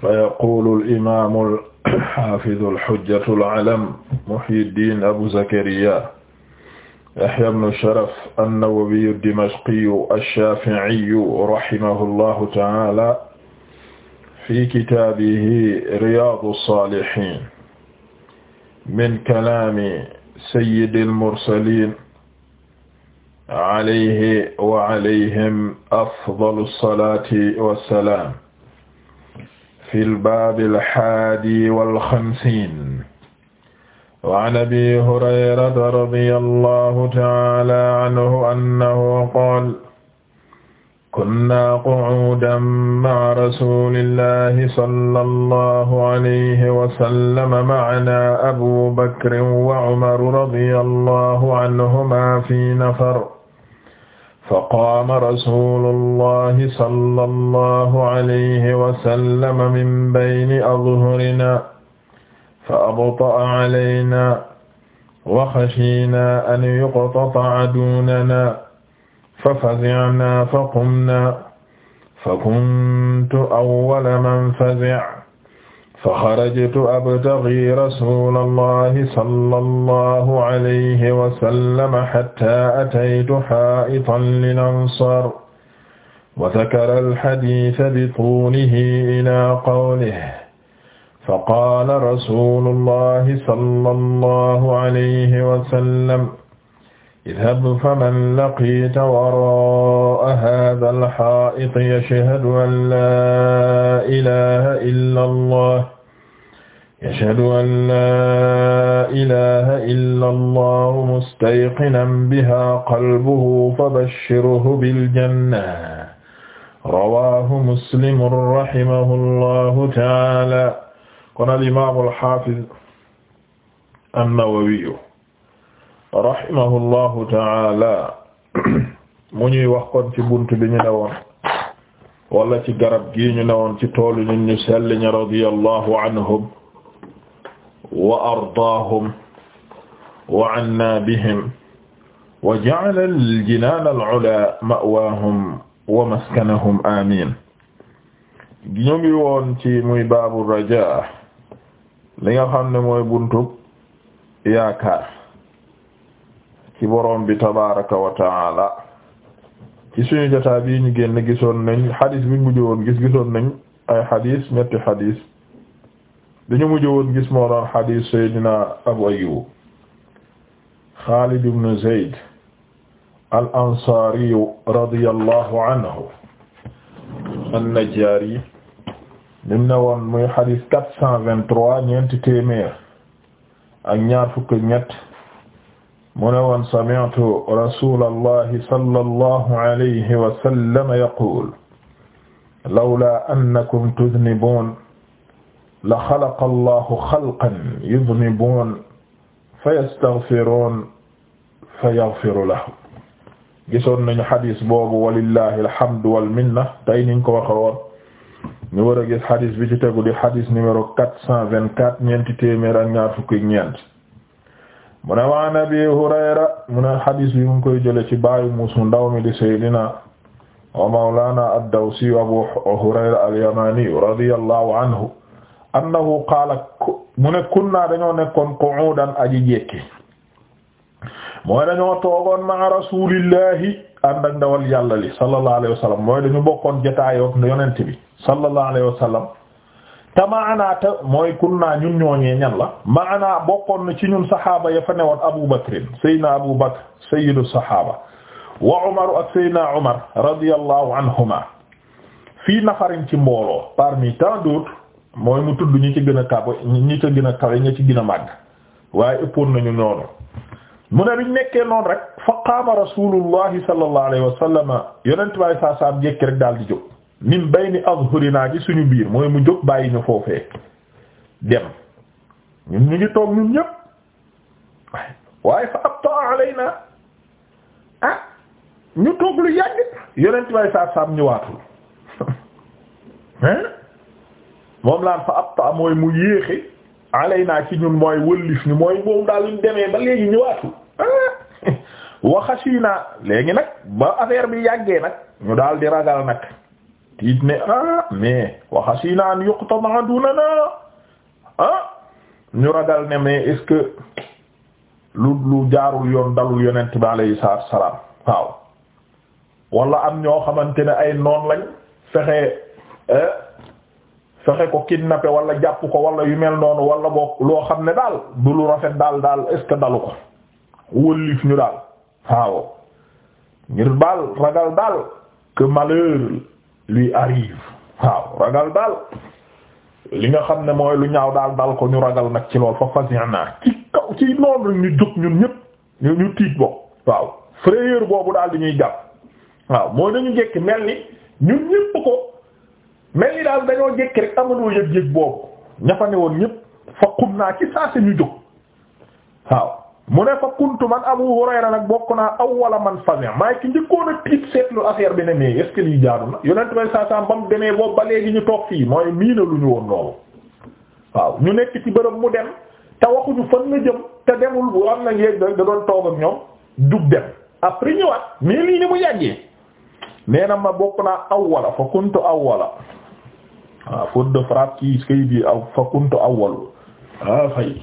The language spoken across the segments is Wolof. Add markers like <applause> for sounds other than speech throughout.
fa yaqulu alimamu alxafidu alxujjatu alalam muhyiddin abu zakariya yahya bnu sharaf annawawiyu dimashqiyu alshafiiyu rahimahu allahu taala fi kitaabihi riyaadu saalihiin min kalaami sayyidi almursaliin alayhi wa alayhim afdalu salaati wa salaam fi lbaabi alhaadi walxamsiin waan abi hurayrata radiya allahu taala anhu annahu qaala kunnaa qu'uudan ma'a rasuulillahi sallallahu alayhi wa sallam ma'anaa abuu bakrin wa umaru radiya allahu anhumaa fii nafar faqaama rasuulullahi sallallahu alayhi wa sallam min bayni azhurinaa fa abta'a alaynaa wa xashiinaa an yuqta'a aduunanaa fa fazi'naa fa qumnaa fa kuntu awwala man fazi'a fa xarajtu abtaxi rasula allahi sallallahu alayhi wa sallam hatta ataytu haa'itan lil ansaar wa dakara alhadiisa bituunihi ilaa qawlihi fa qaala rasulu allahi sallallahu alayhi wa sallam idhab faman laqiita waraa haadha al-haa'it yashhadu an laa ilaaha illa allah yashhadu an laa ilaaha illa allah mustayqinan bihaa qalbuhu fabashshirhu bil-janna rawaahu muslim rahimahu allahu ta'aala kon al-imaam al-haafiz an-nawawi rahimahullahu taala mu ñuy wax kon ci bunt bi ñu newoon wala ci garab gii ñu newoon ci toolu nit ñu sell ñi radiyallahu anhum wa ardaahum wa anna bihim wa ja'ala al-jinaan al-'ulaa ma'waahum wa maskanahum amiin ñu ngi woon ci muy baabu rajaa li nga xam ne mooy buntu yaakaar ci borom bi tabaraka wa taala ci suñu jotaa bi ñu génn gisoon nañ xadis bi ñu mujj woon gis gisoon nañ ay xadis ñetti xadis dañu mujj woon gis moo doon xadis Seydina Abu Ayyub Xaalid ibn Zayd al ansaari radiyallahu anhu an-Najjaari lim ne woon muy xadis trois ñeenti téeméer ak ñaar fukk ñett mu ne woon sami'tu rasulallahi sallallahu alayhi wa sallam yaqul lawla annakum tudnibuun la xalaqa allahu xalqan yudnibuun fayastaghfiruun fayaghfiru lahum gisoon nañu xadis boobu walillahi alhamdu wal minna tey niñ ko waxe woon ñu war a gis xadis bi ci tegu di xadis numéro quatre cent vingt-quatre ñeenti téeméer ak ñaar fukki ñeent mu ne waan Abi Hurayra mu ne xadis bi mu ngi koy jële ci baayu muusu ndaw mi di Seydina wa mawlaana ad-Dawsi Abu Hurayra al-Yamani radiyallahu anhu annahu qaala mu ne kunna dañoo nekkoon qu'uudan aji jekki mooy dañoo toogoon ma rasuulillahi ànd ak ndawal yàlla li sallallahu alayhi wa sallam mooy dañu bokkoon jotaayoo ak yonent bi sallallahu alayhi wa sallam te maanaa te mooy kunnaa ñun ñooñee ñan la maanaa bokkoon na ci ñun saxaaba ya fa newoon Abu Bakrin Seydina Abu Bakr sayyidu saxaaba wa Umar ak Seydina Umar radiyallahu anhuma fii nafarin ci mbooloo parmi tant d'autres mooy mu tudd ñi ci gën a kawe ñi ci gën a kawe ñi ci gën a màgg waaye ëppoon nañu noonu mu ne biñ nekkee noonu rek fa qaama rasulullahi sallallahu alayhi wa sallam yonent bi saa saam jekki rek daal di jóg. min bayni azhurina ci suñu biir mooy mu jóg bàyyi ñu foofee dem ñun ñu ngi toog ñun ñépp waaye fa abta alayna ah ñu toog lu yàgg yonent bay saab saab ñëwaatul hein moom laan fa abta mooy mu yéexe alayna ci ñun mooy wëllif ñu mooy moom daal demee ba léegi ñëwaatul <laughs> waxasii naa léegi nag ba affaire bi yàggee nag ñu daal di ragal nag tiit ne ah mais waxasi naan yuqta ma dunana ah ñu ragal ne mais est-ce que lu lu jaarul yoon dalul yonent bi alayhi salaatu salaam waaw wala am ñoo xamante ne ay noon lañ fexe eh, fexe ko kidnappé wala jàpp ko wala yu mel noonu wala boo loo xam ne daal du lu rafet daal daal est-ce que dalu ko wëlif ñu daal waaw ngir baal ragal daal que malheur lui arrive waaw ragal daal li nga xam ne mooy lu ñaaw daal dal ko ñu ragal nag ci lool fa fasi'na ci kaw ci noonu ñu jóg ñun ñëpp ñu ñu tiit bo waaw frayeur boobu daal di ñuy jàpp waaw mooy dañu jekki mel ni ñun ñëpp ko mel ni daal dañoo jekki rek amanoo yëg-yëg boobu ña fa fa qum naa ci saa si ñu jóg waaw mu ne fa kuntu man Abu Hurayra nag bokk naa awwala man fazin maa ngi ci tiit seetlu affaire bi ne mais est ce que lii jaadu na yonent bay saa saa ba demee boobu ba léegi ñu toog fii mooy miina lu ñu woon loolu waaw ñu nekk ci bërëb mu dem te waxuñu fan la jëm te demul bu na yéeg da doon toog ak ñoom dug dem après ñëwaat mais lii ni mu yàggee nee ma bokk naa awwala fa kuntu awwala waaw ah, de frappe kii kayit yi aw fa kuntu awwal ah, fay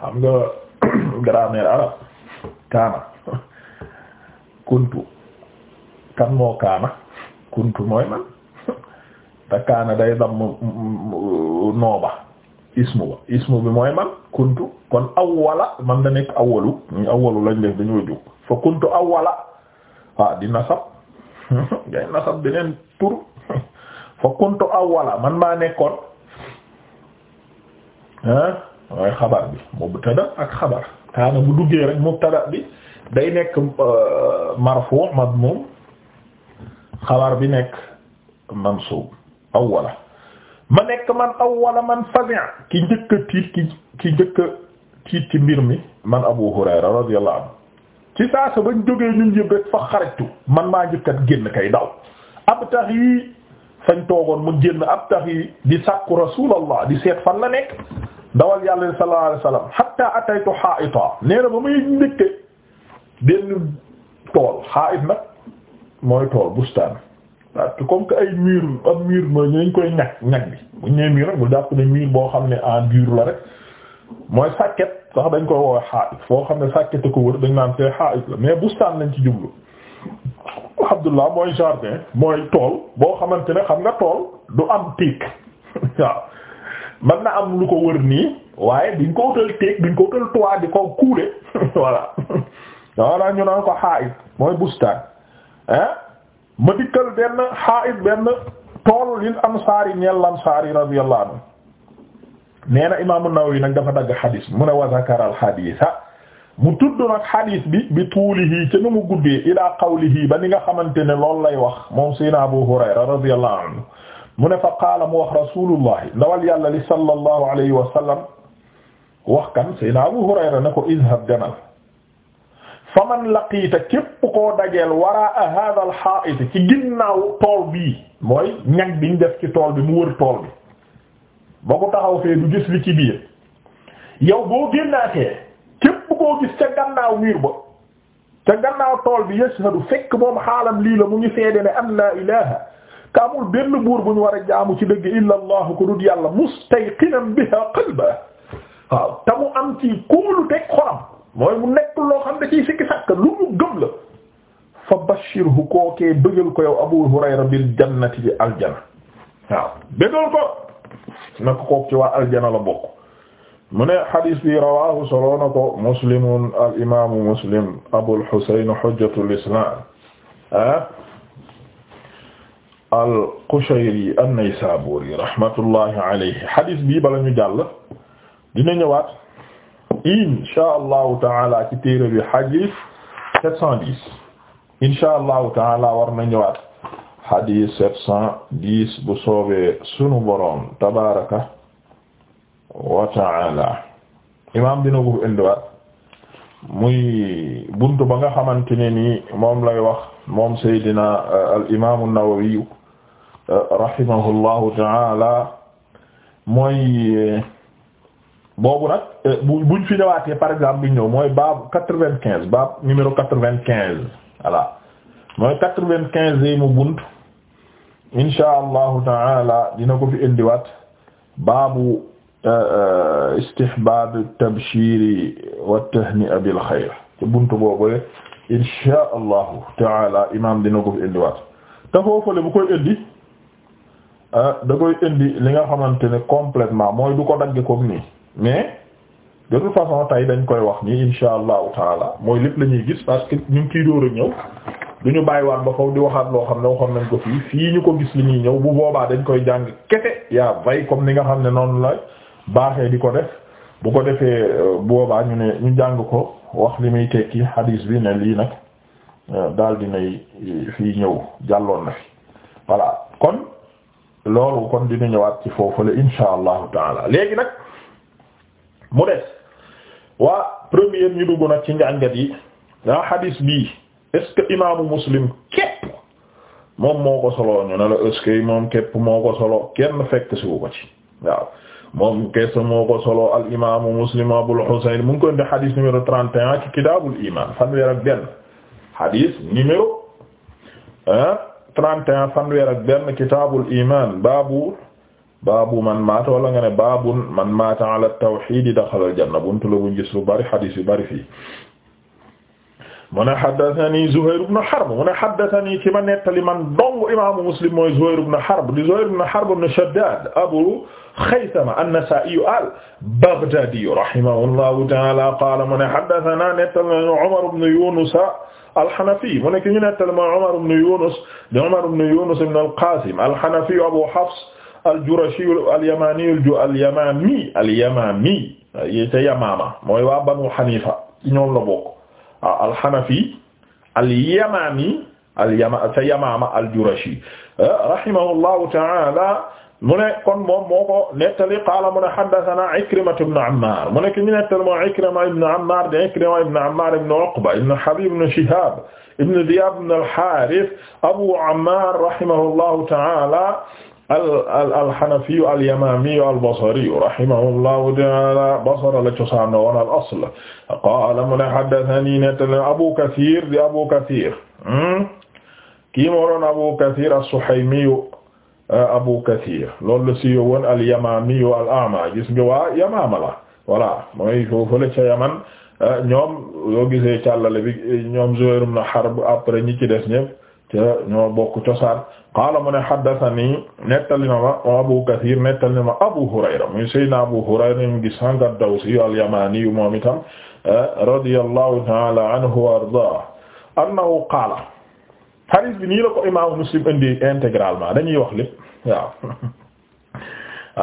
xam nga. <coughs> grammaire arab kaana kuntu kan moo kaana kuntu mooy man te kaana day damm nooba ismu ba ismu bi mooy man kuntu kon awwala man da nekk awwalu ñu awwalu lañ def dañoo jóg fa kuntu awwala waaw ah, di nasab <laughs> ngay nasab beneen tur <laughs> fa kuntu awwala man maa nekkoon hein mooy xabar bi mubtada ak xabar kaana bu duggee rek mubtada bi day nekk euh, marfu madmum xabar bi nekk mansub awwala ma nekk man awwala man fazi'a ki njëkk a tiit ki ki tiit ci mbir mi man Abu Hurayra radiyallahu anhu ci saasa bañ jógee ñun yëpp rek fa xarajtu man maa njëkkat génn kay daw ab tax yi fañ toogoon mu génn ab tax yi di sàkku rasulallah di seet fan la nekk dawal yàlla sallallahu alayhi wasallam hatta ataytu ha'ita nee na ba muy ndëkke benn tool ha'it nag mooy tool bustaan parce que comme que ay mur ab mur mooy ñu koy ñag ñag bi bu ñëwee mur rek mu jàpp ne mur boo xam ne en dur la rek mooy sàkket sax dañ koy woowee ha'it foo xam ne sàkkete ko wër dañ naan fee ha'it la mais bustaan lañ ci jublu Abdullah mooy jardin mooy tool boo xamante ne xam nga tool du am tiik <laughs> waaw man na am lu ko wër nii waaye duñ ko utal teeg duñ ko utal toit di ko <laughs> voilà wala ñu naan ko xaayit mooy bustaan ah ma dikkal benn xaayit benn tool lil ansaari ñeel ansaari radiyallahu anhu nee na imaamu Nawawi nag dafa dagg xadis mu ne wa zakara al xadisa mu tudd nag xadis bi bi tuulihi ca nu mu guddee ilaa qawlihi ba ni nga xamante ne loolu lay wax moom sayna Abu Hurayra radiyallahu anhu mu ne fa qaala mu wax rasulullahi ndawal yàlla li sallallahu alayhi wa sallam wax kan sayna Abu Hurayra ne ko izhab demal fa man laqiita képp koo dajeel waraa hadha al haa'it ci ginnaaw tool bii mooy ñag biñ def ci tool bi mu wër tool bi ba ko taxaw fee du gis li ci biir yow boo génnaatee képp koo gis ca gannaaw miir ba ca gannaaw tool bi yashhadu fekk moom xaalam lii la mu ngi seede ne an laa ilaha ka amul benn buur bu ñu war a jaamu ci dëgg illa allah ku dut yàlla mustayqinan biha qalba waaw te mu am ci kóolu teg xolam mooy mu nekk loo xam da ciy sikki sàkk lu mu gëm la fa bashirhu kookee bëggal ko yow abu hurayra bil jannati bi aljana waaw bëggal ko na ko kook ci waa aljana la bokk mu ne xadis bi rawahu soloo na ko muslimun al imamu muslim abul husayn hujjatul islam ah al-Qushayri an-Naysaburi rahmatullahi alayhi hadis bii bala ñu jàll dina ñëwaat insha allahu taala ci téere bi hadis 710 insha allahu taala war na ñëwaat hadis 710 bu soobee sunu boroom tabaraka wa taala imaam dina ko indiwaat muy buntu ba nga xamante ne ni moom lay wax moom Seydina euh, al imaamu Nawawi rahimahullahu taala boobu nag eh, bu buñ fi ñëwaatee par exemple bi ñëw mooy baab quatre-vingt-quinze baab numéro voilà mooy quatre-vingt-quinze yi dina ko fi indiwaat baabu eh, eh, istihbaab at-tabshiir wa at-tahni'a bil xayr te bunt boobu insha allahu taala imaam dina ko fi indiwaat te foofale bu koy indi Ah, da koy indi li nga xamante ne complètement mooy du ko dagge comme nii mais de toute façon tey dañ koy wax nii insha allahu taala mooy lépp la ñuy gis parce que ñu ngi ciy dóor a ñëw du ñu bàyyiwaat ba faw di waxaat loo xam ne waxoon nañ ko fii fii ñu ko gis li ñuy ñëw bu boobaa dañ koy jàng kese yaa vay comme ni nga xam ne noonu la baaxee di ko def bu ko defee euh, boobaa ñu ne ñu jàng ko wax li muy tekki hadis bi ne lii nag euh, daal dinay euh, fii ñëw jàlloon na loolu kon dina ñëwaat ci foofule insha allah taala léegi nag mu des waa premier ñu dugg nag ci njàngat yi waa hadis bii est imaamu muslim képp moom moo ko solo ñu na la est-ce moom képp moo ko solo kenn fekk si ko ci waaw moom kees moo ko solo al imaamu muslim abul husayn mu ngi koy indi hadis numéro 31 ci kitaabul imaan fanweer ak benn hadis numéro ah. 31 fanweer ak benn kitaabul iman baabu baabu man maata wala nga ne baabun man maata ala tawxiid daxalal janna buntu la bu gis lu bari xadiis yu bari fii mu ne xaddatani Zuhayr ibn Harb mu ne xaddatani ki ma nettali man dong imaamu Muslim mooy Zuhayr ibn Harb di Zuhayr ibn Harb ibn Shaddad Abu Xaysama an-Nasaa'i al-Baghdaadi rahimahullahu ta'aala qaala mu ne xaddatana nettali Umar ibn Yunusa al-Hanafi mu nekk ñu nettali mooy Umar ibn Yunus di Umar ibn Yunus ibn al-Qasim al-Hanafi Abu Hafs al-Jurashi al-Yamani al-Yamami al-Yamami ca Yamama mooy waa Banu Hanifa ñoom la bokk waaw ah, al-Hanafi al-Yamami al-Yama ca Yamama al-Jurashi eh, rahimahullahu ta'ala mu ne kon moom moo ko nettali qaala mu ne haddathana Ikrima ibn Ammar mu ne ki ñu nettali moo Ikrima ibn Ammar de Ikrima ibn Ammar ibn Uqba ibn Habib ibn Shihab ibn Dhiyab ibn al-Harith Abu Ammar rahimahullahu ta'ala al-Hanafi al-Yamami al-Basri rahimahullahu ta'ala Basra la cosaanoo woon al-asl qaala mu ne haddathani nettali Abu Kathir di Abu Kathir hmm? kii moo doon Abu Kathir as-Suhaymi Euh, Abu Kathir loolu la siiwee woon al-Yamami al-A'ma gis nga waa Yamaama la voilà mooy foofu la ca Yaman euh, ñoom yoo gisee càllale bi ñoom Zuhayr ibn Harb après ñi ci des ñëpp ca ñoo bokk cosaan qaala mu ne haddathanii nettali na ma Abu Kathir nettali na ma Abu Hurayra muy Seydina Abu Hurayra ñu gis sànq ad-Dawsi al-Yamani moom itam euh, radiyallahu ta'ala anhu wa ardaahu annahu qaala xadis bi nii la ko imaamu muslim indi intégralement dañuy wax lépp waaw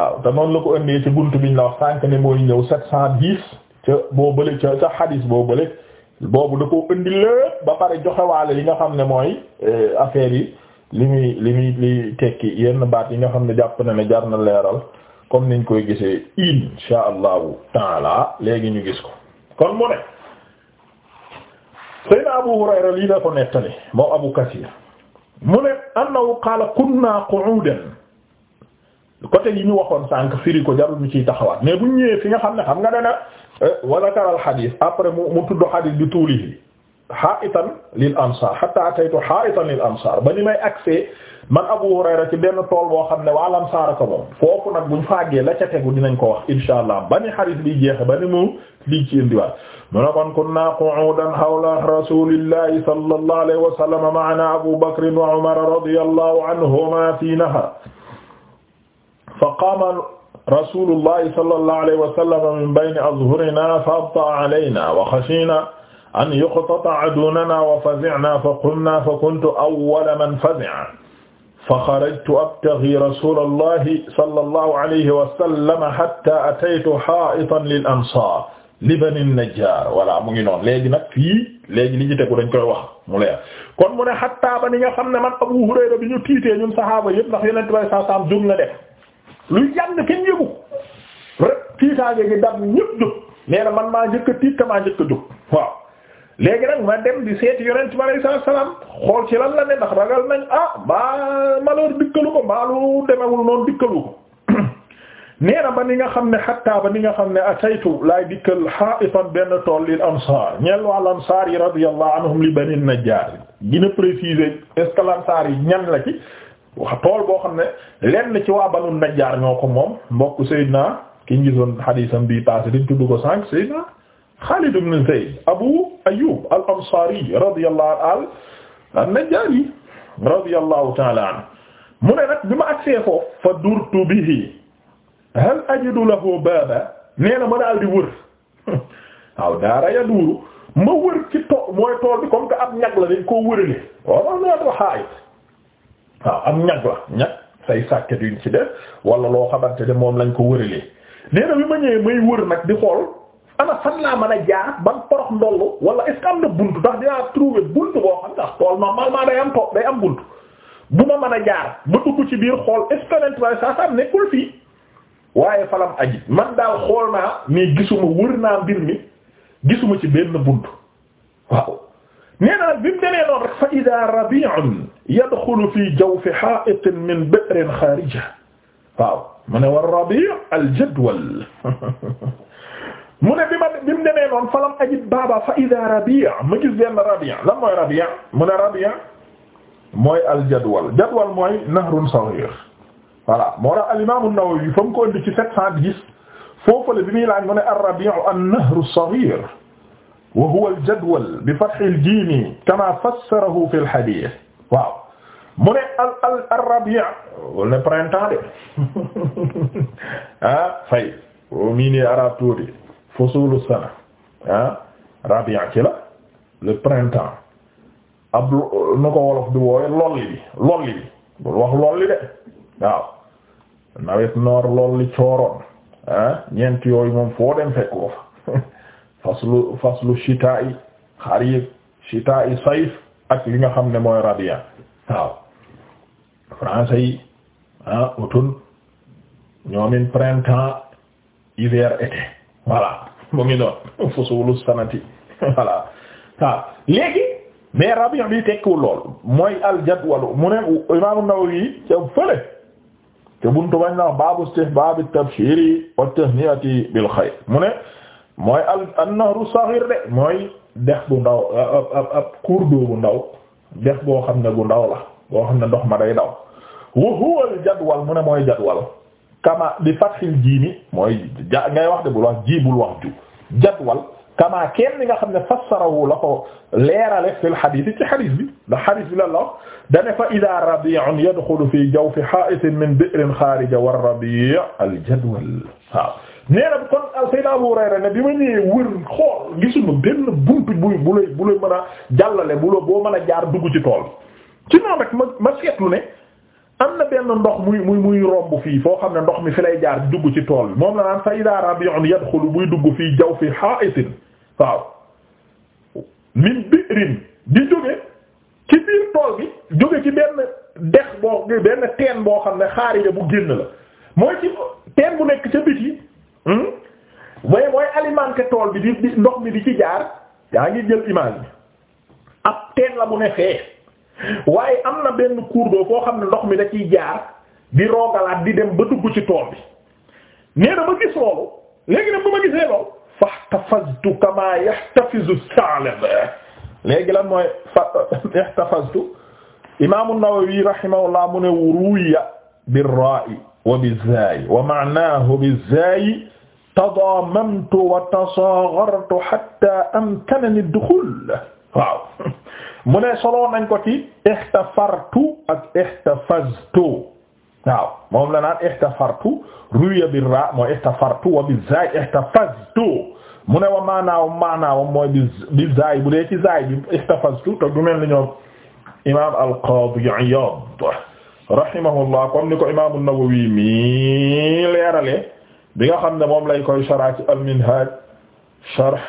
waaw te noonu la ko indee ci bunt bi ñu la wax sànq ne mooy ñëw sept cent dix ca boo bële ca ca xadis boo bële boobu da koo indi lépp ba pare joxewaale li nga xam ne mooy eh, affaire yi li muy li muy li tekki yenn baat yi nga xam ne jàpp na ne jar na leeral comme niñ koy gisee insha allahu taala léegi ñu gis ko kon mu ne Seydina Abu Hurayra lii la ko nettali moo Abu Kasir mu ne annahu qaala kunna qu'udan côté yi ñu waxoon sànq firi ko jarul ñu ciy taxawaat mais bu ñëwee fi nga xam ne xam nga dana eh, wala karal xadiis après mu tudd xadiis bi tuuli haitan lil ansar hatta ataytu haitan lil ansar ba ni may accès man Abu Hurayra ci benn tool boo xam ne waa lansaar ko moom foofu nag buñ fàggee la ca tegu dinañ ko wax insha allah ba ni xarit bi jeexe ba ni mu lii ci indiwaat mu ne kon kunna qu'udan hawla rasulillahi sallallahu alayhi wa sallam ma'ana Abu Bakr wa Umar radiyallahu anhuma fi nahar fa qama rasulullahi sallallahu alayhi wa sallam min bayni azhurina fa abta alayna wa khashina an yuqtata'a duunanaa wa fazi'naa fa qumnaa fa kuntu awwala man fazi'a fa xarajtu abtaghii rasuulallaahi sallallahu alayhi wa sallam hattaa ataytu haa'itan lil ansaar li bani najjaar voilà mu ngi noonu léegi nag fii léegi li ci tegu dañ koy wax mu leer kon mu ne xattaa ba ni nga xam ne man Abu Hurayra bi ñu tiitee ñun saxaaba yëpp ndax Yonent bi saa saam jóg la def lu yàgg kenn yëgu rek tiitaange gi dab ñëpp jóg nee na man maa njëkk a tiit te maa njëkk a jóg waaw. léegi nag ma dem di seeti yonent bi alayhi salaam xool ci lan la ne ndax ragal nañ ah ba malheur dikkalu ko baalu demewul noonu dikkalu ko <clears throat> nee ba ni nga xam ne xatta ba ni nga xam ne ataytu laay dikkal ha'itan benn tool lil ansaar ñel wàll ansaar yi radiyallahu anhum li bani najjaar gina préciser est-ce que ansaar yi ñan la ci wax tool boo xam ne lenn ci waa banu najjaar ñoo ko moom mbokk Seydina ki ñu gisoon xadiisam bii passé dañ tudd ko sànq Seydina Xaalid ibn Zayd Abu Ayyub al-Ansaari radiyallahu anhu an-Najjaari radiyallahu ta'ala anhu mu ne nag bi ma agsee foofu fa durtu bihi hal ajidu lahu baaba nee ma daal di wër <laughs> waaw daara ya duuru ma wër ci tool mooy tool bi comme que ab ñag la dañ koo wërale waaw loolu dafa xaayit waaw ab ñag la ñag say sàkket yuñ ci def wala loo xamante ne moom lañ ko wëralee nee na bi ma ñëwee may wër nag di xool. ana fan laa mën a jaar ban porox ndollu wala est-ce que am na buntu ndax dinaa trouver boo xam ndax tool normalement day am tool am buntu bu ma mën a jaar ba dugg ci biir xool est-ce que nen tubaab saa saa nekkul fii waaye falam aji man daal xool naa mais gisuma wër naa mbir mi ci benn buntu waaw. nee na bi mu demee noonu rek fa ida rabi'un yadxulu fi jawfi ha'itin min bi'rin xaarija waaw mu ne war rabi' <laughs> mu ne bi ma bi mu demee noonu falam ajib baaba fa ida rabia ma gis benn rabia lan mooy rabia mu ne rabia mooy aljadwal jadwal mooy nahrun saghir voilà moo tax al imam an-Nawawi fa mu ko indi ci sept cent dix foofale bi muy laaj mu ne ar-rabi'u an-nahru as-saghir wa huwa al-jadwal bi fathi al-jim kama fassarahu fi al-hadith waaw mu ne al al ar-rabi' wal ne printemps de <laughs> ah fay o mii ne arab tuuti fusulu sana ah rabia ci la le printemps ab nu ko wolof di woowe lolli bi lolli bi bul wax lolli de waaw nawet noor lolli cooroon ah, ñeent yooyu moom foo dem fekk ko fa <laughs> faslu faslu shitaa'i xarif shitaa'i sayf ak li nga xam ne mooy rabia waaw français yi ah, ñoomin printemps hiver été voilà mu ngi noonu fusulu sanati voilà waaw léegi mais rabi' bi tekkiwul lool mooy aljadwalu mu ne Imaam An-Nawawi ca fële te buntu bañ la baabu istihbaabi tabshiri wa tahniyati bil xayr mu ne mooy al an-nahru de mooy dex gu ndaw ab ab ab cours bu ndaw dex boo xam ne gu ndaw la boo xam ne ndox ma day daw wa huwa al mu ne mooy jadwal. kama bi fathil jiimi mooy ja ngay wax de bul wax ji bul wax ju jadwal kama kenn li nga xam ne fassarahu la ko leerale fil xadis yi ci xadis bi ndax xadis bi la la wax dane fa ida rabi'un yadxulu fi jawfi haa'itin min bi'rin xaarija war rabi' al jadwal waaw nee na kon Seydina Abu Hurayra ne bi ma ñëwee wër xool gisuma benn buntu buy bu lay bu lay mën a jàllale bu la boo mën a jaar dugg ci tool ci noonu rek ma ma seetlu ne am na benn ndox muy muy muy romb fii foo xam ne ndox mi fi lay jaar dugg ci tool bi moom la naan fa ida rabi'un yadxulu buy dugg fii jaw fi ha'itin waaw min bi'rin di jóge ci biir tool bi jóge ci benn dex boo benn teen boo xam ne xaarija bu génn la mooy ci teen bu nekk ca biti waaye hmm? mooy alimenté tool bi di ndox mi di ci jaar yaa ngi jël image bi ab teen la bu ne fee waaye am na benn cours d'eau foo xam ne ndox mi da ciy jaar di roogalaat di dem ba dugg ci tool bi nee na ma gis loolu léegi nag bu ma gisee loolu fahtafaztu kama yahtafizu salab léegi lan mooy fa ihtafaztu imaamu Nawawi rahimahullah mu ne ruya birra'i wa bizzayi wa ma'nahu bizzayi tadamamtu wa tasaghartu hatta amkanani dukhul waaw mu ne solo nañ ko ci ihtafartu ak ihtafaztu waaw moom la naan ihtafartu ruya bi ra mooy ihtafartu wa bi zaay ihtafaztu mu ne wa maanaawam maanaawam mooy bi bi zaay bu dee ci zaay bi ihtafaztu te du mel ni ñoom imaam al-Qaadi Iyaad rahimahullah comme ni ko imaam an-Nawawi mi leerale bi nga xam ne moom lay koy sharh ci al-Minhaaj sharh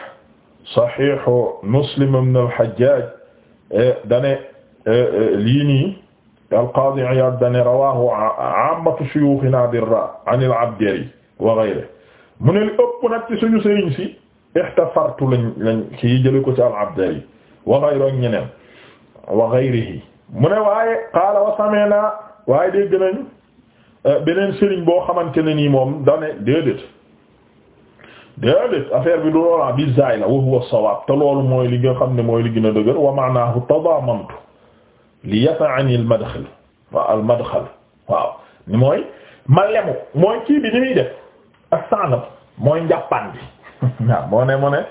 Sahih Muslim ibn al-Hajjaaj Eh, dane eh, eh, lii nii al dane rawaahu aammatu shuyuukhinaa dirra an al-Abjari mu ne li ëpp nag ci suñu sëriñ si lañ lañ ci jële ko ci al-Abjari wa ghayrihi ak ñeneen wa ghayrihi mu boo xamante ne nii moom dane déedéet déedéet affaire bi du loola ah, bi zaay la wa huwa sawaab mooy li nga xam ne mooy li gën a dëgër wa maanaahu tadaamantu li yafa'ani al mooy ma mooy kii ni muy def mooy njàppaan bi <laughs> waaw moo ne mu ne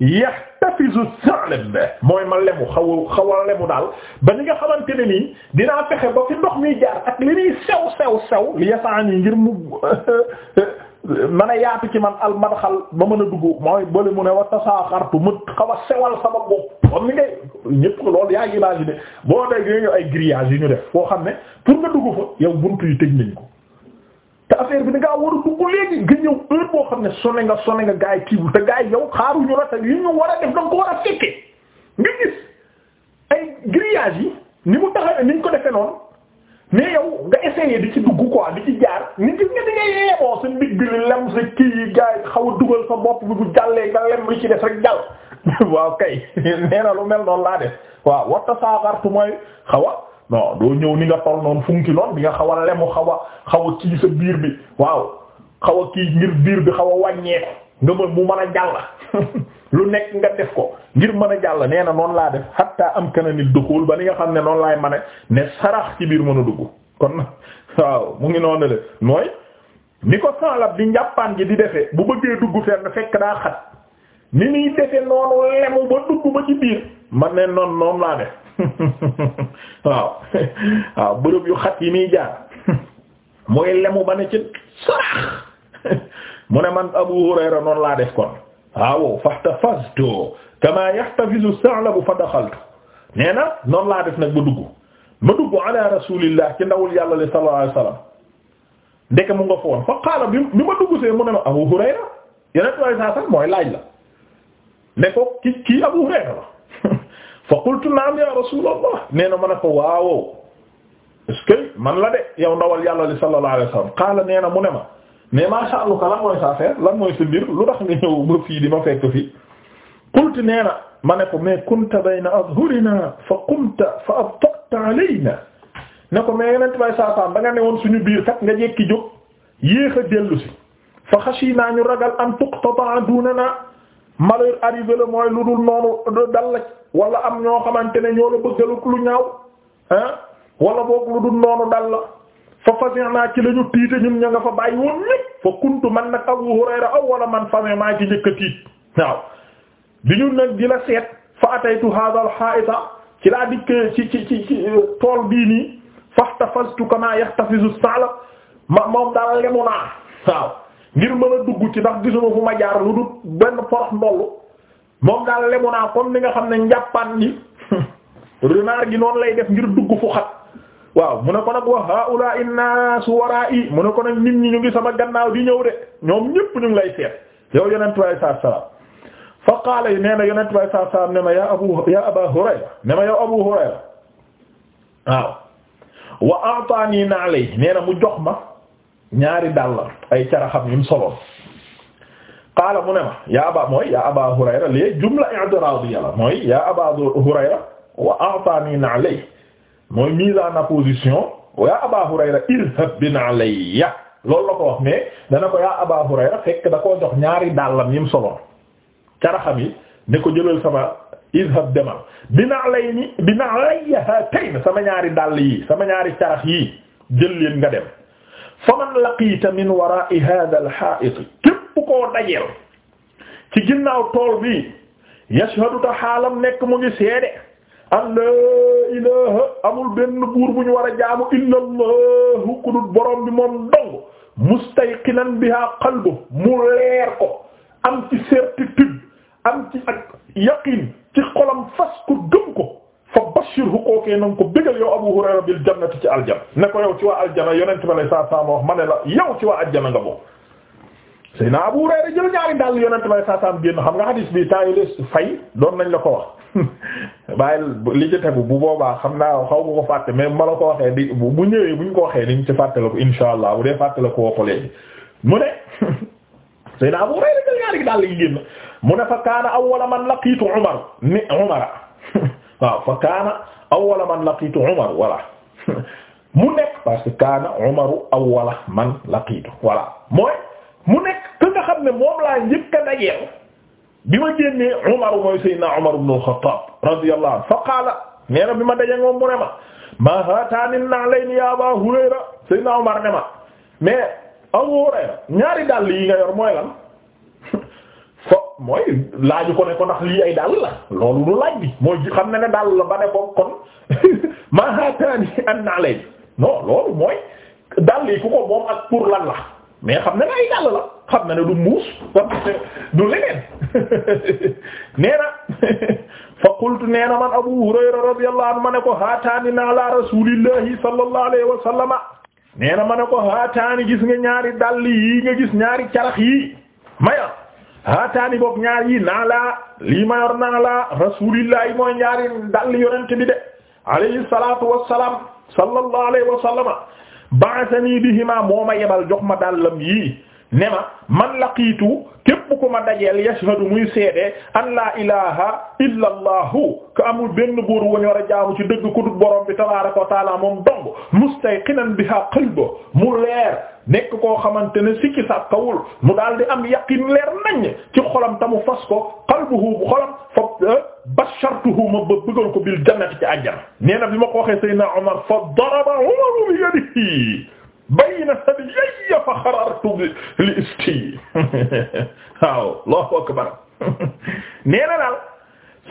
yaxtafizu salb mooy ma lemu xaw xaw a lemu daal ba ni nga xamante ne nii dinaa fexe ba fi ndox mi jaar ak li muy sew sew sew li yi ngir mu <laughs> man a yaatu ci man al madxal ma mën a dugg mooy bële mu ne wa tasaaxartu mu xaw a sewal sama bopp comme ni ngay ñëpp loolu yaa ngi imaginer boo dee yooyu ay grillage yu ñu def foo xam ne pour nga dugg fa yow bunt yi tëj nañ ko. te affaire bi da war a dugg léegi nga ñëw heure boo xam ne sonné nga sonné nga gaay kiibu te gaay yow xaaruñu rata yi ñu war a def da ko war a fekke nga gis ay grillage yi ni mu taxawee ni ñu ko defee noonu mais yow nga essayé di ci dugg quoi di ci jaar ni gis nga di nga sa ndig bi lem sa kii yi gaay xaw a dugal sa bopp bi bu jàllee nga lem li ci def rek jàll <laughs> waaw kay <laughs> nee lu mel noonu laa def waaw watta saaxartu mooy xawa non doo ñëw ni nga tol noonu funki noonu bi nga xaw a lemu xaw a xaw a kii sa biir bi waaw xaw a kii ngir biir bi xaw a wàññeeku nga mën mu mën a jàll <laughs> lu nekk nga def ko ngir mën a jàll nee na noonu laa def hatta am kananil duxul ba ni nga xam ne noonu laay mën a ne sarax ci biir mën a dugg kon <laughs> waaw mu ngi noonu le mooy ni ko sanlab di njàppaan ji di defee bu bëggee dugg fenn fekk daa xat ni muy defe noonu lemu ba dugg ba ci biir man ne noonu noonu laa <laughs> waaw waaw bërëb yu xat yi muy jaar mooy lemu ba ne ci sarax <laughs> mu ne man Abu Hurayra noonu laa des kon waaw fahtafaztu kama yahtafizu as-sa'labu fa daxaltu nee na noonu laa des nag ba dugg ma dugg ala rasulillah ci ndawul yàlla li sa alayhi wasallam ndeke mu nga foon fa qaala bi ma dugg see mu ne ma Abu Hurayra yeneen tubaab yi saa mooy laaj la ne ko ki kii Abu Hurayra la <laughs> fa qultu naam na ma ne ko waaw est-ce man la de yow ndawal yàlla li sallallahu alayhi wasallam qaala nee na mu ne ma mais maa sha'luka lan mooy sa lan mooy sa mbir lu tax nga ñëw ba fii di ma fekk fii qultu nee na ma ne ko mais kunta bayna azhurina fa qumta fa abta'ta alayna ne ko mais yeneen bay saa saam da nga ne woon suñu biir kat nga jekki jóg yéex a dellu si fa xashina ñu ragal an tuqtata dunana malheur arrivé la mooy lu dul noonu dal la wala am ñoo xamante ne ñoo la bëggalu lu ñaaw ah wala boog lu dul noonu dal la fa fasi'na ci la ñu tiite ñun ña nga fa bàyyi woon ñépp fa kuntu man nag Abu Hurayra awwala man fasi'na ci njëkk a tiit waaw bi ñu nag di la seet fa ataytu hadha al-ha'ita ci laa dikkee ci ci ci euh, tool bii nii fahtafaztu kama yahtafizu as-sa'lab ma moom daal lemu naa waaw. ngir ma a dugg ci ndax gisuma fu ma jaar lu dul benn porox ndollu moom daal lemu naa comme ni nga xam ne njàppaan gi <laughs> renard gi noonu lay def ngir dugg fu xat waaw mu ne ko nag wa haula innasu wara'i mu ne ko nag nit ñi ñu ngi sama gannaaw di ñëw de ñoom ñépp ñu ngi lay seet yow yonentu bi saa salaam fa yi nee na yonentu bi saa salaam ne ma ya abu ya aba hurayra ne ma yow abu hurayra waaw wa a'tani na'lay nee na mu jox ma ñaari dàll ay caraxam yim soloon qaala mu ne ma ya aba mooy ya aba hurayra léegi jumla la mooy ya aba hurayra wa a'tani na'lay mooy mise en opposition ya aba hurayra idhab bi na'layya loolu la ko wax mais dana ko ya aba hurayra fekk da koo jox ñaari dàllam yim soloon caraxam yi ne ko jëlal sama idhab demal bi na'layni bi na'layya hatayn sama ñaari dàll yi sama ñaari carax yi jël leen nga dem faman laqiita min wara'i hadha al-ha'it képp koo dajeel ci ginnaaw tool bi yashhadu ta xaalam nekk mu ngi seede an la ilaha amul benn buur bu ñu war a jaamu illa allahu kudut borom bi moom dong mustayqinan biha qalbu mu leer ko am ci certitude am ci ak yaqin ci xolam fas ko gëm ko fa bashirhu kookee na nga ko bégal yow Abu Hurayra bil jannati ci aljana ne ko yow ci waa aljana yonent bi sallallahu alayhi wa sallam wax ma ne la yow ci waa aljana nga bokk. Seydina Abu Hurayra jël ñaari dàll yonent bi sallallahu alayhi génn xam nga hadis bi temps fay doon nañ la ko wax <laughs> bàyyi li ci bu boobaa xam naa xaw ma ko fàtte mais ma ko waxee di bu ñëwee bu ñu ko waxee di ñu ci fàttale ko insha allah bu dee fàttale ko woo ko mu ne <laughs> Seydina Abu Hurayra jël ñaari dàll yi génn mu ne fa kaana awwala man laqiitu Umar ni Umar waaw fa kaana awwala man laqiitu Umar voilà <laughs> mu nekk parce que kaana Umaru awwala man laqiitu voilà mooy mu nekk ka nga xam ne moom laa njëkk a dajeel bi ma génnee Umar mooy Seydina Umar ibn al-Khattab radiyallahu anhu fa qaala nee na bi ma dajee moom mu ne ma ma haataani na'layni ya Aba Hurayra Seydina Umar ne ma mais Abu Hurayra ñaari dàll yi nga yor mooy lan. mooy laaj ko ne ko ndax lii ay dàll la loolu lu laaj bi mooy xam ne ne dàll la ba ne ko kon <laughs> maa haataani an naa lay non loolu mooy dàll yi ku ko moom ak pour lan la mais xam ne ne ay dàll la xam na ne du muus du leneen <laughs> nee <laughs> fa qultu nee man Abu Hurayra radiyallahu ma ne ko haataani na ala rasulillahi sallallahu alayhi wa sallama nee ma ne ko haataani gis nga ñaari dàll yi nga gis ñaari carax yi maya haataani boog ñaar yi naa laa lii ma yor naa laa rasuulillah yi mooy ñaari dal yonent bi de alayhi salaatu wassalaam sallallahu alayhi wa sallama ba'athani bihima moo ma yebal jox ma dàllam yii ne ma man laqiitu képp ku ma dajeel yashhadu muy seede an laa ilaha illa allahu ko amul benn buur wu ñu war a jaamu ci dëgg ku dul borom bi tabaaraka wa taala moom dong mustaqinan biha qalbu mu leer nekk ko xamante ne sikki sa kawul mu daal di am yaqin leer nañ ci xolam tamu fas ko qalbuhu bu xolam fa eh, bashartuhu ma ba bëggal ko bil jannati ci àjjana nee bi ma ko waxee Seydina Omar fa daraba Omar bi yadihi bayna sadiyya fa xarartu li isti <laughs> waaw Allahu akbar <laughs> nee na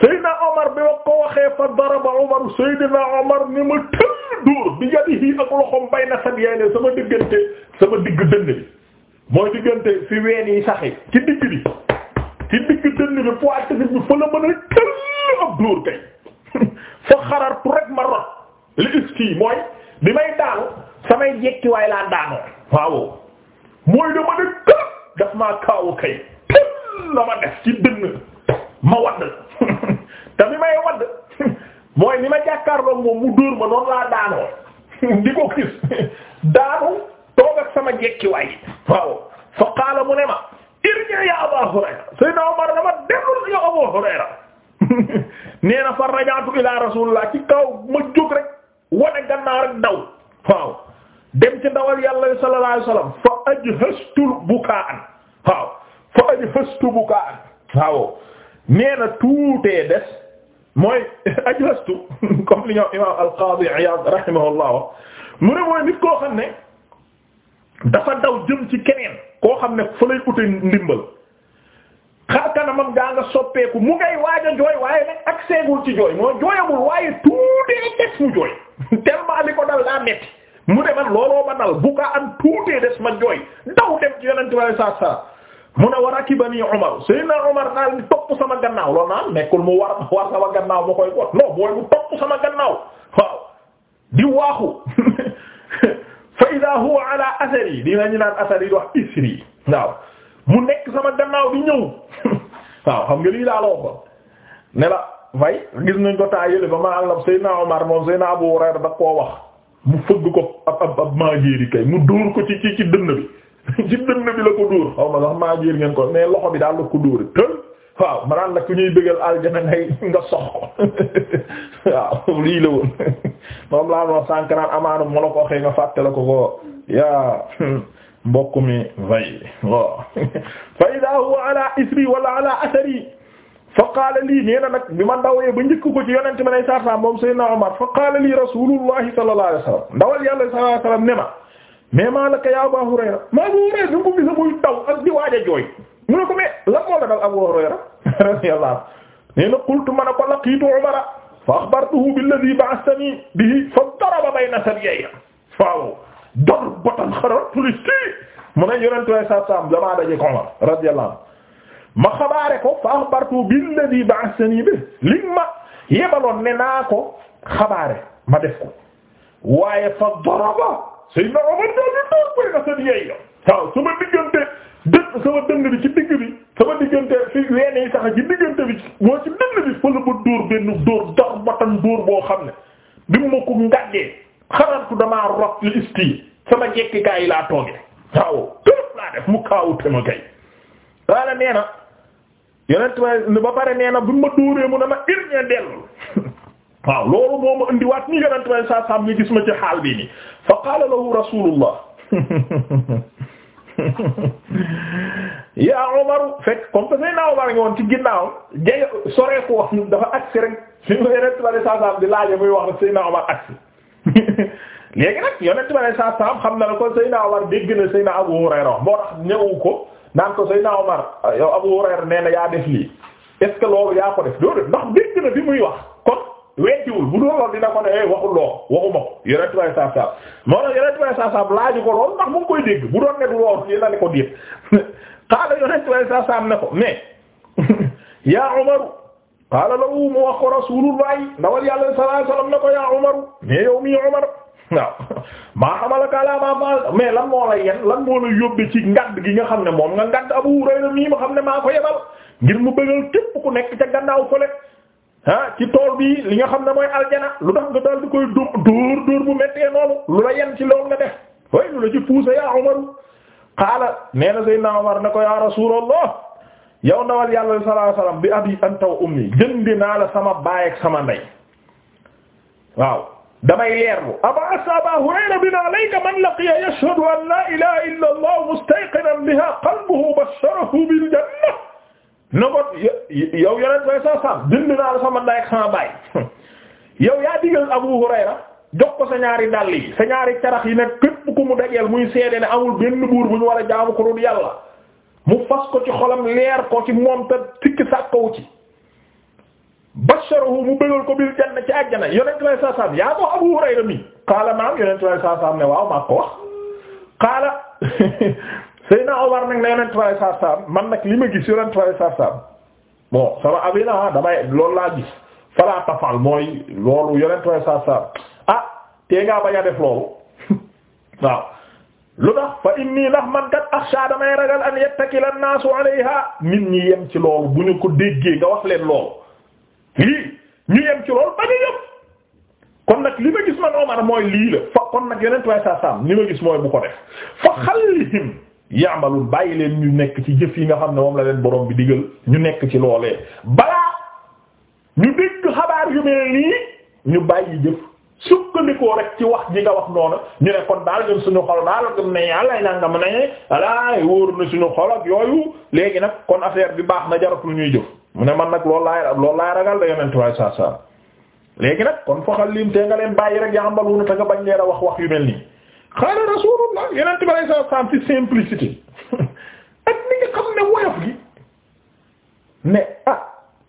Seydina Omar bi ma ko waxee fa daraba Omar Seydina Omar ni ma tëll dóor bi yadihi ak loxoom bay na sat sama diggante sama digg dënn bi mooy diggante fi ween yi saxee digg bi ci digg dënn bi poitrine bi fa la mën a tëll ak dóor kay <laughs> fa xarartu rek ma li iski mooy bi may daanu samay jekki waay laa daanoo waawoo mooy dama ne tëll daf maa kaawu kay tëll la def ci dënn ma wadd <laughs> te bi may wadd <laughs> mooy ni ma jàkkaarloog moom mu dóor ma noonu laa daanoo <laughs> di ko gis daanu toog sama jekki waay waaw fa qaala mu ne ma irji ya Aba Hurayra Seydina Omar dama dellu ya na fa rajaatu ila rasulillah ci kaw ma jóg rek wane gannaaw rek daw waaw dem ci ndawal yàlla sallallahu alayhi wasallam fa ajhastu bukaan waaw fa ajhastu bukaan nee na tuutee des mooy <laughs> ajlastu <laughs> comme li ñoom al-Qaadi Iyaad rahimahullah mu ne mooy nit koo xam ne dafa daw jëm ci keneen koo xam ne fa lay ute ndimbal xar kanamam daa nga soppeeku mu ngay waaj a jooy waaye nag ak seegul ci jooy mooy jooyagul waaye tuutee des mu jooy tellement <laughs> ko dal daa metti mu ne looloo ma dal bu kaa am tuutee des ma jooy daw dem ci yonent bi sallallahu alayhi mun ne war a kibani Umar Seydina Umar daal di topp sama gannaaw loolu naan nekkul mu war war sama gannaaw koy wax non mooy mu topp sama gannaaw di waaxu <laughs> fa idha huwa ala athari dinañu naan athari wax isri waaw mu nekk sama gannaaw di ñëw <laughs> waaw xam nga lii laa la fay gis nañ ko taa yële ba ma àll Seydina Umar moom Seydina Abu Hurayra da koo wax mu fëgg ko ab ab ab kay mu dóor ko ci ci bi. <laughs> ci dënn bi la ko dóor xaw sax maa jiir ngeen ko mais loxo bi daal la ko dóor tël waaw ma naan nag ku ñuy bëggal aljana ngay <laughs> nga sox ko <laughs> waaw lii la woon moom laa wax sànq naan amaanu ma la ko waxee nga fàtte la ko ko yaa mbokk mi vay waaw fa idaa huwa ala isri wala asari fa qaala lii nee na nag bi ma ndawee ba njëkk ko ci yonente ma nay sarsan moom sayyidina Umar fa qaala lii rasulullahi sallallahu ndawal yàlla sallallahu alayhi ne ma mais maa la ka yaa Abu Hurayra maa Abu Hurayra bi mu ko gisa muy daw ak di waaj a jooy mu ne ko mais lan moo la dal Abu Hurayra <laughs> radiyallahu nee na qultu man ko laqiitu Umara fa akhbartuhu billadhi ba'athani bihi fa daraba bayna sabiyya waaw darbatan kharatu listi mu ne yonentu way sat sam damaa daje ko Umar radiyallahu ma xabaare ko fa akhbartuhu billadhi ba'athani bihi li ma yebaloon ne naa ko xabaare ma def ko waaye fa daraba sëy na Omar daal di toog waaw sama diggante dëgg sama dëng bi ci digg bi sama diggante fi weene yi sax ci diggante bi moo ci dëng bi fëla ba dóor benn dóor dox batan dóor boo xam ne bi mu ma ko ngàddee xarantu damaa rot li isti sama jekkikaay yi laa toogee waaw tërëp laa def mu kaawute ma kay waala nee na yonent ba ba pare nee na bu ma dóoree mu ne ma ir ñee dellul <laughs> waaw loolu moo indiwaat nii yonent bi saa saam ñu gis ma ci bii nii fa qaala lahu rasulullah yaa Umaru fekk comme que Seydina Umar nga woon ci ginnaaw jege soree ko wax dafa agsi rek fi muy wax Seydina Umar agsi léegi nag yonent bi saa saam xam na ne ko Seydina Umar dégg na Seydina Abu Hurayra Umar yow Abu fi muy wax. weddiwul bu doon lool dina ko ne eh loo waxuma ko yore tubaab saaf saaf moo tax yore tubaab saaf saaf laaju ko lool ndax mu ngi koy dégg bu doon ne lool dina ne ko diir xaaral yore tubaab saaf saaf ne ko mais <laughs> yaa Umaru xaaral la mu wax ko Rasulullah ndawal yàlla sallallahu alayhi wasallam ne ko a Umaru mais yow mii Umar <laughs> waaw maa xamalaka laa maa faal mais lan moo la yen lan moo la yóbbe ci ngadd gi nga xam ne moom nga ngadd Abu Hurayra mii ma maa ko yebal ngir mu bëggal képp ku nekk ca gannaaw fële. ah ci tool bi li nga xam ne mooy aljana lu tax daal di koy dóor dóor bu méttee noonu lu la yen ci loolu nga def way lu la ci puusé ya Umaru qaala nee na Seydina Umar ne ko ya Rasuulallah yow ndawal yàlla sallallahu alayhi wasallam bi abi anta wa ummi jëndi naa la sama baay sama ndey waaw damay leerlu aba asaba Hurayra bin alayka man laqiya yashhadu an la ilaha illa Allah mustayqinan biha qalbuhu basharahu bil janna na ko yow yonent way sa sam jënd naa la sama nday ak <laughs> yow yaa digal Abu Hurayra jox ko sa ñaari dàll yi sa ñaari carax yi nag képp ko mu dajeel muy seede ne amul benn buur bu ñu war a ko dul yàlla mu fas ko ci xolam leer ko ci moom te sikki sàkkawu ci basharahu mu bëggal ko bil janna ci àjjana yonent way sa sam yaa ko Abu Hurayra mi qaala naam yonent way sa ne waaw maa ko wax qaala <laughs> Seyna Omar nag na yonent fare sarsam man nag li ma gis yonent fare sarsam bon sama abina ah damay loolu laa gis fala tafal mooy loolu yonent fare sarsam ah tee ngaa bañ a def loolu <laughs> waaw lu tax fa inni ndax man kat axsha damay ragal an yattakila an-naasu alayha nit ñi yem ci loolu bu ñu ko déggee nga wax leen loolu lii ñu yem ci loolu bañu yëpp kon nag li ma gis man Omar mooy lii la fa kon nag yonent fare sarsam li ma gis mooy ya'malun bàyyi leen ñu nekk ci jëf yi nga xam ne moom la leen borom bi digal ñu nekk ci loolee balaa ñu dégg xabaar yu mel nii ñu bàyyi jëf sukkandikoo rek ci wax ji nga wax noonu ñu ne kon daal ñun suñu xol daal gëm ne yàlla nangam ne ala wóor na suñu xol ak yooyu léegi nag kon affaire bi baax na jaratul ñuy jëf mu ne man nag loolu laay loolu laay ragal da yonent waaye saa saa léegi nag kon foxal lim te nga leen bàyyi rek yàmbalu na te nga bañ a wax wax yu mel nii. xaala rasulullah yeneen bi alay salaatu salaam ci simplicité <laughs> ak ni nga xam ne woyof gi ne ah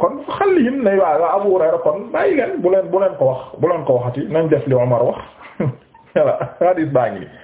kon xallihim ne waaw waaw Abu Hurayra kon bàyyi leen bu leen bu leen ko wax bu leen ko waxati nañ def li Omar wax <laughs> voilà hadis baa ngi